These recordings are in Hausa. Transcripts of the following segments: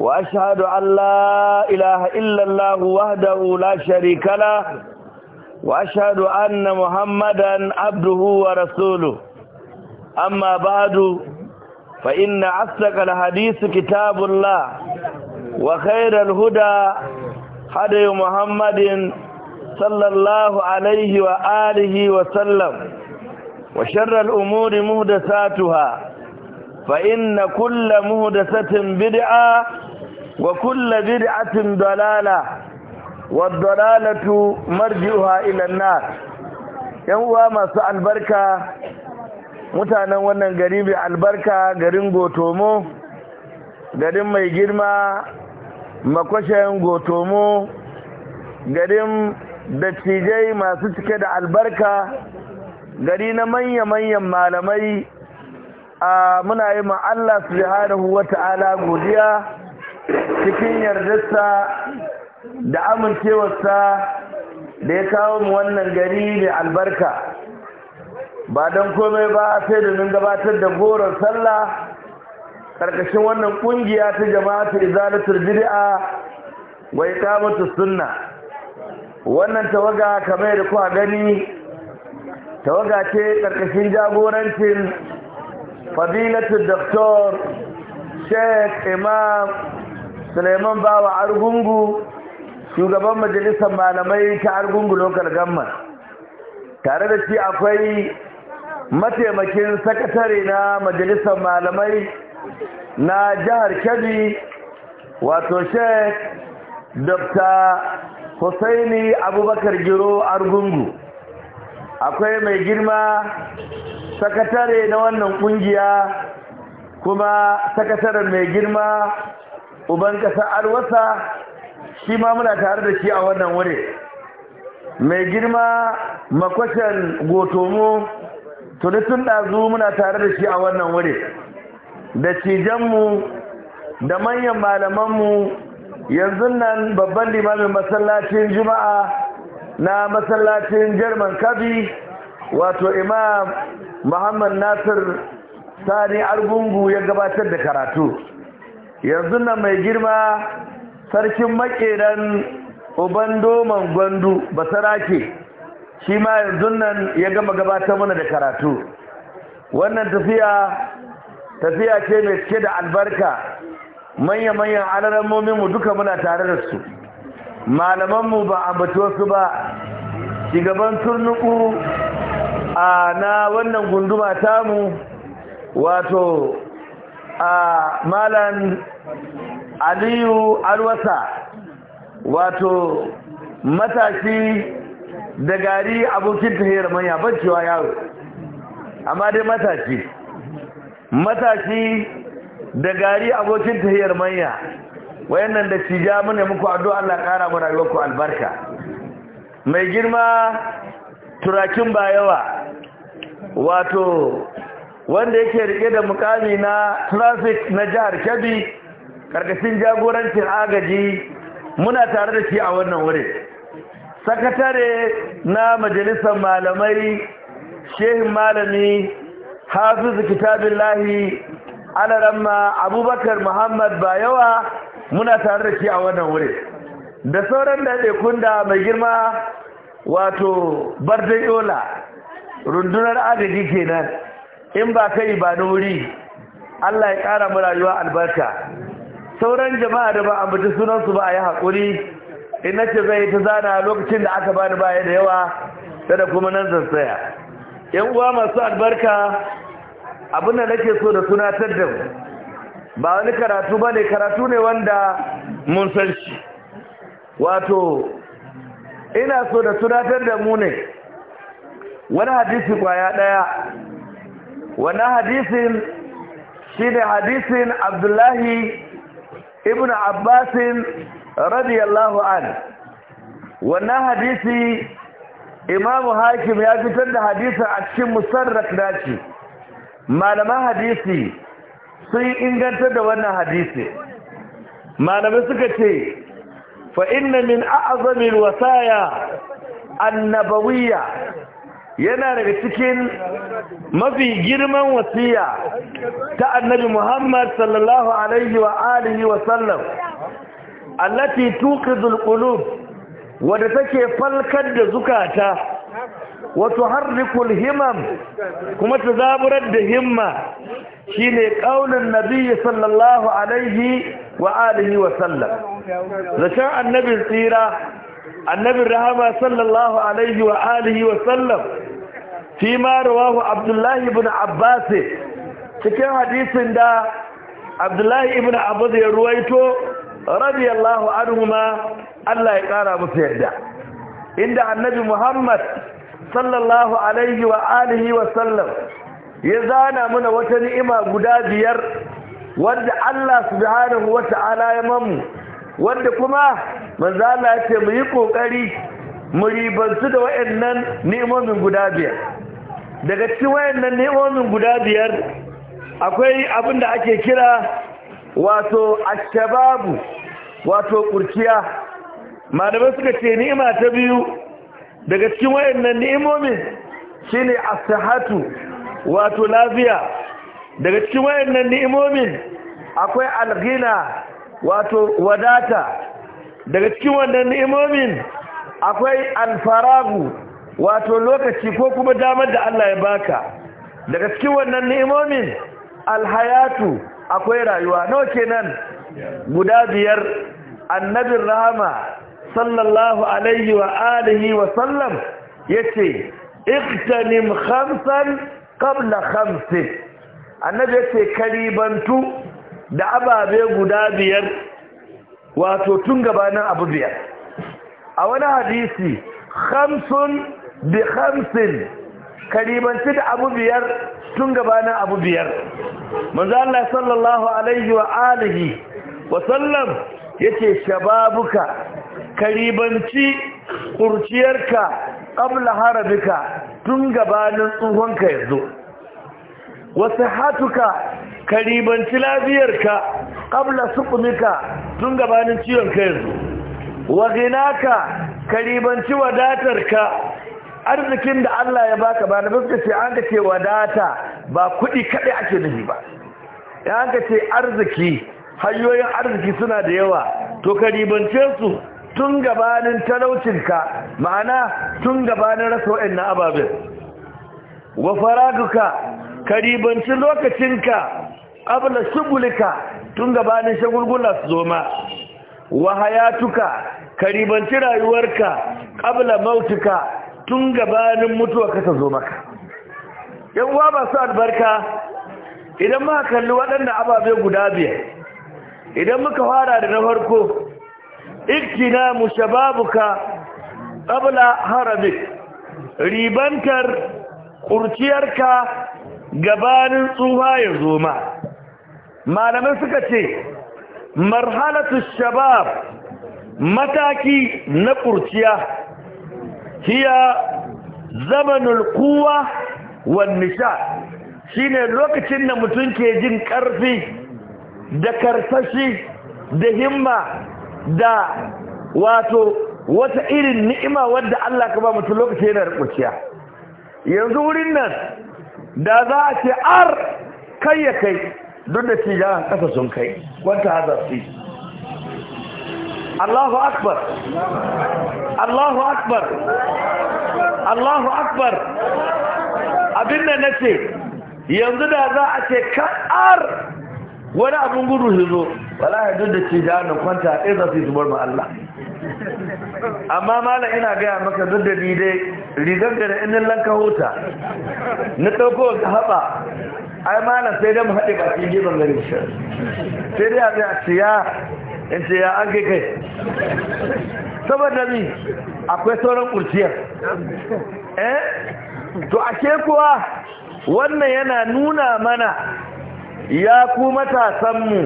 وأشهد أن لا إله إلا الله وحده لا شريك له وأشهد أن محمدا عبده ورسوله أما بعد فإن أصدق الحديث كتاب الله وخير الهدى هدي محمد صلى الله عليه وآله وسلم وشر الأمور مهدساتها فإن كل مهدسة بدعة wa dalalatu ضلالة والضلالة مرجعها ilanna. Yan uwa masu albarka, mutanen wannan gari mai albarka garin gotomo garin mai girma makwashen gotomo garin dattijai masu cike da albarka gari na manya-manyan malamai a muna yi ma Allah subhanahu ta'ala godiya cikin yardarsa da amincewarsa da ya kawo mu wannan gari mai albarka ba don komai ba sai domin gabatar da goron sallah ƙarƙashin wannan ƙungiya ta jama'a ta Jiri'a bid'a wa iqamatu sunna wannan tawaga kamar da a gani tawaga ce ƙarƙashin jagorancin fadilatul doktor sheikh imam suleiman bawa argungu shugaban majalisar malamai ta argungu lokal gamma tare da shi akwai mataimakin sakatare na majalisar malamai na jihar kebbi wato Sheikh dr Hussaini abubakar giro argungu akwai mai girma sakatare na wannan kungiya kuma sakataren mai girma uban ƙasa alwasa shi ma muna tare da shi a wannan wuri mai girma goto mu tuni tun ɗazu muna tare da shi a wannan wuri da cijanmu da manyan malamanmu yanzu nan babban limamin masallacin juma'a na masallacin jerman kabi wato imam muhammad nasir sani argungu ya gabatar da karatu yanzu na mai girma sarkin makeran uban doman gwandu basarake shi ma yanzu nan ya gama gabatar mana da karatu wannan tafiya tafiya ce mai cike da albarka manya-manyan mu duka muna tare da su malamanmu ba a bato su ba shigaban turnuku a na wannan gunduma tamu wato malam aliyu alwasa wato matashi da gari abokin ta tahiyar manya cewa yaro amma dai matashi matashi da gari abokin ta tahiyar manya wayannan da ja mune muku addu'a Allah kara mu ku albarka mai girma turakin bayawa wato wanda yake rike da mukami na traffic na jihar kebbi karkashin jagorancin agaji muna tare da shi a wannan wurin sakatare na majalisar malamai shehin malami hafizu kitabillahi alaramma abubakar muhammad bayawa muna tare da shi a wannan wuri da sauran daɗe kunda mai girma wato bardin yola rundunar agaji kenan in ba kai ba da wuri Allah ya ƙara mu rayuwa albarka sauran jama'a da ba a mutu sunansu ba a yi haƙuri in na ce zai ta zana lokacin da aka bani baya da yawa da kuma nan zansaya yan uwa masu albarka abin da nake so da tunatar da mu ba wani karatu ba ne karatu ne wanda mun san shi wato ina so da tunatar da mu ne wani hadisi kwaya ɗaya wannan hadisin shine hadisin abdullahi ibn abbasin radiyallahu an wannan hadisi imamu hakim ya fitar da hadisin a cikin musarrak dace malaman hadisi sun inganta da wannan hadisi malamai suka ce fa inna min a'zamil wasaya annabawiyya yana daga cikin mafi girman wasiya ta annabi Muhammad sallallahu alaihi wa alihi wa sallam allati tuqidul qulub wadda take falkar da zukata wa tuharrikul himam kuma ta zaburar da himma shine kaulin nabi sallallahu alaihi wa alihi wa sallam zakan annabin tsira annabin rahama sallallahu alaihi wa alihi wa sallam Shi ma rawahu abdullahi ibn abbas cikin hadisin da abdullahi ibn abbas ya ruwaito radiyallahu anhuma Allah ya kara musu yadda, inda annabi muhammad sallallahu alaihi wa wa sallam ya zana mana wata ni'ima guda biyar wanda Allah subhanahu wa ya mamu wanda kuma manzo Allah ya ce mu yi kokari mu ribantu da waɗannan ni'imomin guda biyar daga cikin wayannan ne'omin guda biyar akwai abin da ake kira wato ashababu wato kurciya malamai suka ce ni'ima ta biyu daga cikin wayannan ni'imomin shine ne asahatu wato lafiya daga cikin wayannan ni'imomin akwai algina wato wadata daga cikin wannan ni'imomin akwai alfaragu wato lokaci ko kuma damar da Allah ya baka daga cikin wannan ni'imomin alhayatu akwai rayuwa nawa kenan guda biyar annabin rahama sallallahu alaihi wa alihi wa sallam yace iqtanim khamsan qabla khamsin annabi yace karibantu da ababe guda biyar wato tun gabanin abu biyar a wani hadisi khamsun bi hamsin karibanci da abu biyar tun gabanin abu biyar manzo Allah sallallahu alaihi wa alihi wa sallam yace shababuka karibanci kurciyarka qabla harabika tun gabanin tsuhonka yazo wa sihatuka karibanci lafiyarka qabla suqmika tun gabanin ciwon kai yazo wa ghinaka karibanci wadatarka arzikin da Allah ya baka ba na fuska ce an ka ce wadata ba kuɗi kaɗai ake nufi ba ya an ka ce arziki hanyoyin arziki suna da yawa to ka ribance su tun gabanin talaucinka ma'ana tun gabanin rasa wa'in na ababen wa faraguka ka ribanci lokacinka abla shugulika tun gabanin shagulgula su zo wa hayatuka ka ribanci rayuwarka abla mautuka tun gabanin mutuwa kasa zo maka yan uwa masu albarka idan muka kalli waɗanda ababe guda biyar idan muka fara da na farko ikina mu shababuka qabla harabik ribantar kurciyarka gabanin tsuha ya zo ma malamai suka ce marhalatu shabab mataki na kurciya hiya zamanul wani sha nisha shine lokacin da mutum ke jin ƙarfi da karsashi da himma da wato wata irin ni'ima wadda Allah ka ba mutum lokacin yana rubuciya yanzu wurin nan da za a ce ar kai ya kai duk da ci ya kasa sun kai wata hazar Allahu akbar Allahu akbar Allahu akbar abin da nace yanzu da za a ce ka'ar wani abin gudu su zo wallahi duk da da jahannam kwanta ɗaya za su yi zubar ma Allah amma mala ina gaya maka duk da ni dai rigar da inin lanka huta na ɗauko haɓa ai malam sai dai mu haɗe bakin gefen gari sai dai a tsaya in ce ya an kai kai saboda ni akwai sauran kurciyar eh to ake kuwa wannan yana nuna mana ya ku matasanmu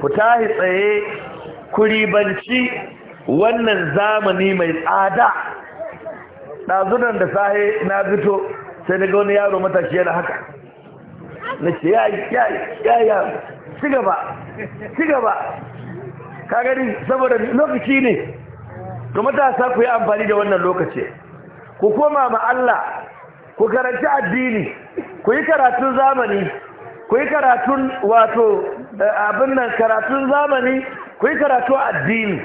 ku tahi tsaye ku ribanci wannan zamani mai tsada ɗazunan da sahi na fito sai daga wani yaro matashi yana haka na ce ya yi ya yi ya yi ci gaba ci gaba ka gani saboda lokaci ne to matasa ku yi amfani da wannan lokaci ku koma ma Allah ku karanci addini ku yi karatun zamani ku yi karatun wato eh, abin nan karatun zamani ku yi karatun addini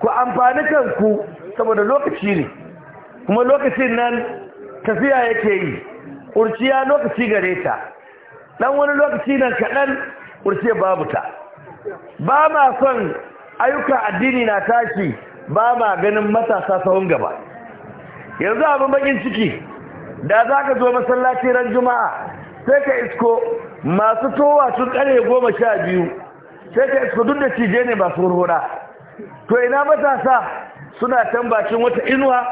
ku amfani kanku saboda lokaci ne kuma lokacin nan tafiya yake yi kurciya lokaci gare ta ɗan wani lokaci nan kaɗan kurciya babu ta ba ma son ayyuka addini na tashi ba ma ganin matasa sahun gaba yanzu abin bakin ciki da za ka zo masallaci ran juma'a sai ka isko masu towa sun kare goma sha biyu sai ka isko duk da cije ne masu hurhura to ina matasa suna can bakin wata inuwa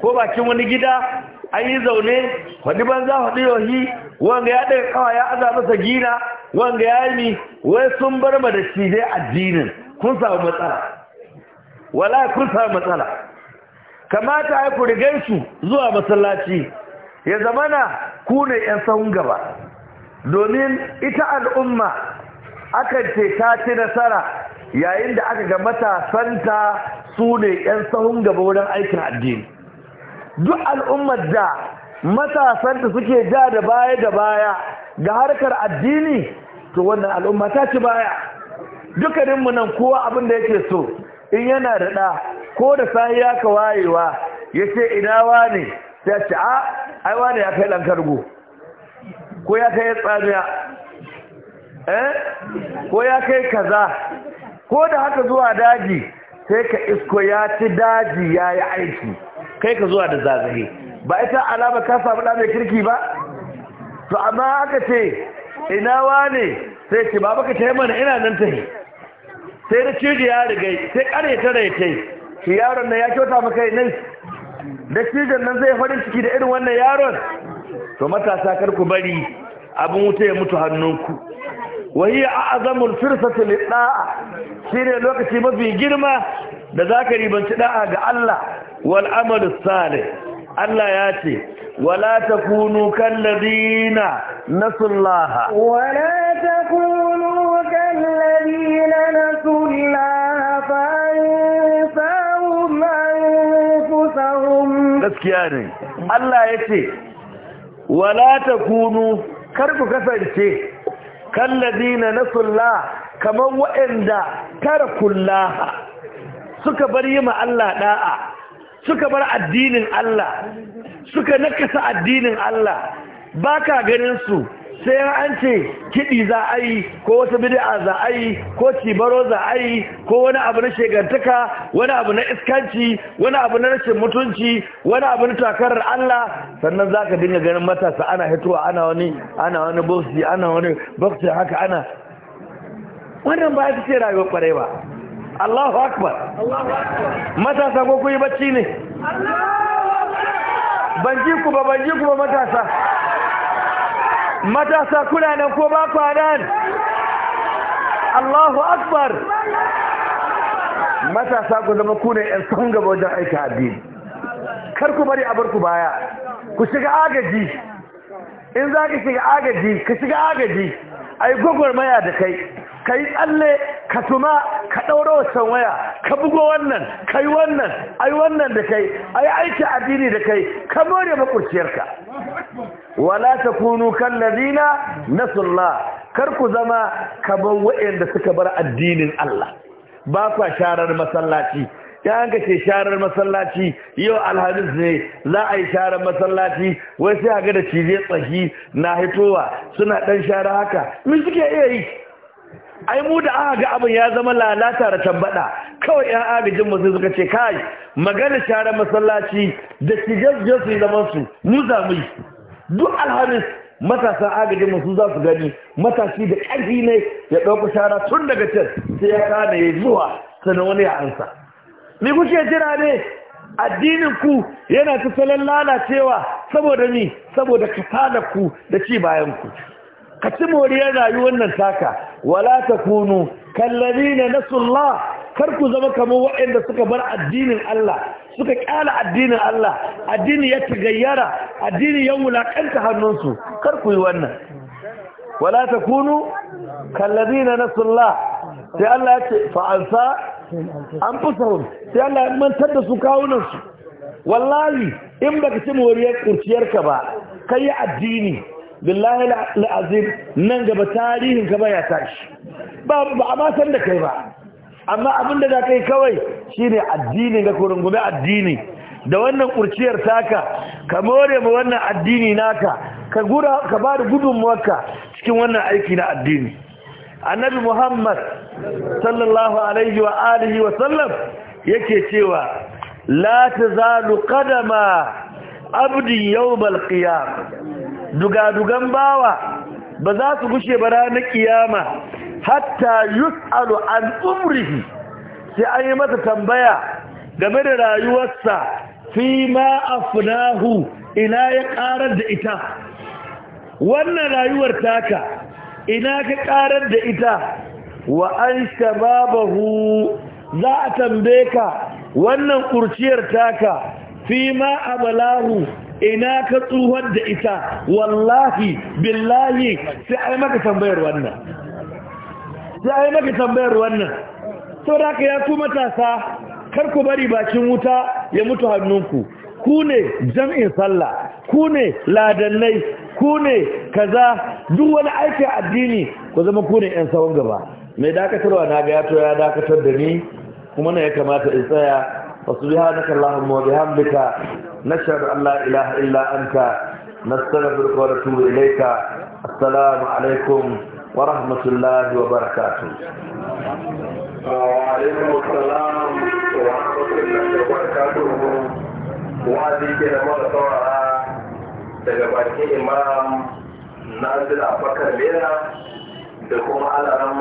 ko bakin wani gida an yi zaune wani banza wani yohi wanda ya ɗaya kawa ya aza masa gina wanda ya yi wai sun bar ma da shi dai addinin kun samu matsala wala kun samu matsala kamata ya ku shi su zuwa masallaci ya zamana ku ne 'yan sahun gaba domin ita al'umma aka ce ta ci nasara yayin da aka ga matasanta su ne 'yan sahun gaba wurin aikin addini duk al'ummar da matasanta suke ja da baya da baya ga harkar addini to wannan al'umma ta ci baya dukkaninmu nan kowa abin da yake so in yana da ɗa ko da sahi ya ka wayewa ya ce ina wane ta ce a ai wane ya kai ɗan ko ya kai tsamiya eh ko ya kai kaza ko da haka zuwa daji sai ka isko ya ci daji ya yi aiki kai ka zuwa da zagaye ba ita alama ka samu ɗa kirki ba to amma aka ce ina wane sai ce baba ka taya mana ina nan ta yi sai da cije ya riga sai kare ta rai tai shi yaron nan ya kyauta maka nan da cijen nan zai farin ciki da irin wannan yaron to matasa kar ku bari abin wuta ya mutu hannunku wahiya a azamul firsatu da'a shine lokaci mafi girma da zaka ribanci da'a ga Allah wal amalu salih Allah ya ce wala takunu kallazina nasullaha wala takunu kallazina nasullaha fa yansahum anfusahum gaskiya ne Allah ya ce wala takunu kar ku kasance kallazina nasullaha kamar wa'anda tara kullaha suka bar yi ma Allah da'a suka bar addinin Allah suka nakasa addinin Allah baka ganin su sai an ce kiɗi za a yi ko wata bid'a za a yi ko cibaro za a yi ko wani abu na shegantaka wani abu na iskanci wani abu na rashin mutunci wani abu na takarar Allah sannan za ka dinga ganin matasa ana hitowa ana wani ana wani boxi ana wani boxi haka ana wannan ba ta ce rayuwar kwarai ba Allahu akbar matasa ko kuyi bacci ne ban ku ba banji ku ba matasa matasa kuna nan ko ba ku nan Allahu akbar matasa ku zama ku ne yan sanga gaba wajen aika addini kar ku bari a bar ku baya ku shiga agaji in za ka shiga agaji ka shiga agaji a yi gwagwarmaya da kai ka yi tsalle ka tuma ka ɗaura wasan waya ka bugo wannan ka yi wannan ai wannan da kai ai aiki addini da kai ka more makurciyarka wala ta kunu kan lazina na sulla kar ku zama kamar waɗanda suka bar addinin Allah ba kwa sharar masallaci ya an kace sharar masallaci yau alhamis ne za a yi sharar masallaci wai sai a ga da cije tsaki na hitowa suna ɗan shara haka min suke iya yi ai mu da aka ga abin ya zama lalata da tabbada kawai yan agajin mu suka ce kai magana share masallaci da shigar su zaman su mu za mu yi duk alhamis matasan agajin mu su za su gani matashi da ƙarfi ne ya ɗauka shara tun daga can sai ya kana ya zuwa sanin wani ya ansa me kuke jira ne addinin ku yana ta salon lalacewa saboda ni saboda kasalar ku da ci bayan ku ka ci moriyar rayuwar nan taka wala takunu kallazina nasullah kar ku zama kamar waɗanda suka bar addinin Allah suka kyala addinin Allah addini ya tagayyara addini ya wulakanta hannunsu kar ku yi wannan wala takunu kallazina nasullah sai Allah ya ce fa'ansa an fusahum sai Allah ya mantar da su kawunansu wallahi in baka ci moriyar kurciyarka ba kai addini billahi al'azim nan gaba tarihin ka baya tashi ba a ma san da kai ba amma abin da za yi kawai shine addini ga kurin addini da wannan kurciyar taka ka more ma wannan addini naka ka gura ka ba da gudunmuwarka cikin wannan aiki na addini annabi muhammad sallallahu alaihi wa alihi wa sallam yake cewa la tazalu qadama abdi yawm al dugadugan bawa ba za su gushe ba ranar kiyama hatta yus'alu an umrihi sai an yi masa tambaya game da rayuwarsa fi ma afnahu ina ya karar da ita wannan rayuwar taka ina ka karar da ita wa an shababahu za a tambaye ka wannan kurciyar taka fi ma abalahu ina ka tsuhar da ita wallahi billahi sai ai maka tambayar wannan sai ai maka tambayar wannan sau da ka ya ku matasa kar ku bari bakin wuta ya mutu hannunku ku ne jam'in sallah ku ne ladannai ku ne kaza duk wani aikin addini ku zama ku ne 'yan tsawon gaba mai dakatarwa na ga yato ya dakatar da ni kuma na ya kamata in tsaya wasu bihanaka Allahumma wa bihamdika نشهد أن لا إله إلا أنت نستغفرك ونتوب إليك السلام عليكم ورحمة الله وبركاته وعليكم السلام ورحمة الله وبركاته وعلي كده مرة طورا daga bakin imam nasir abubakar lera da kuma alaran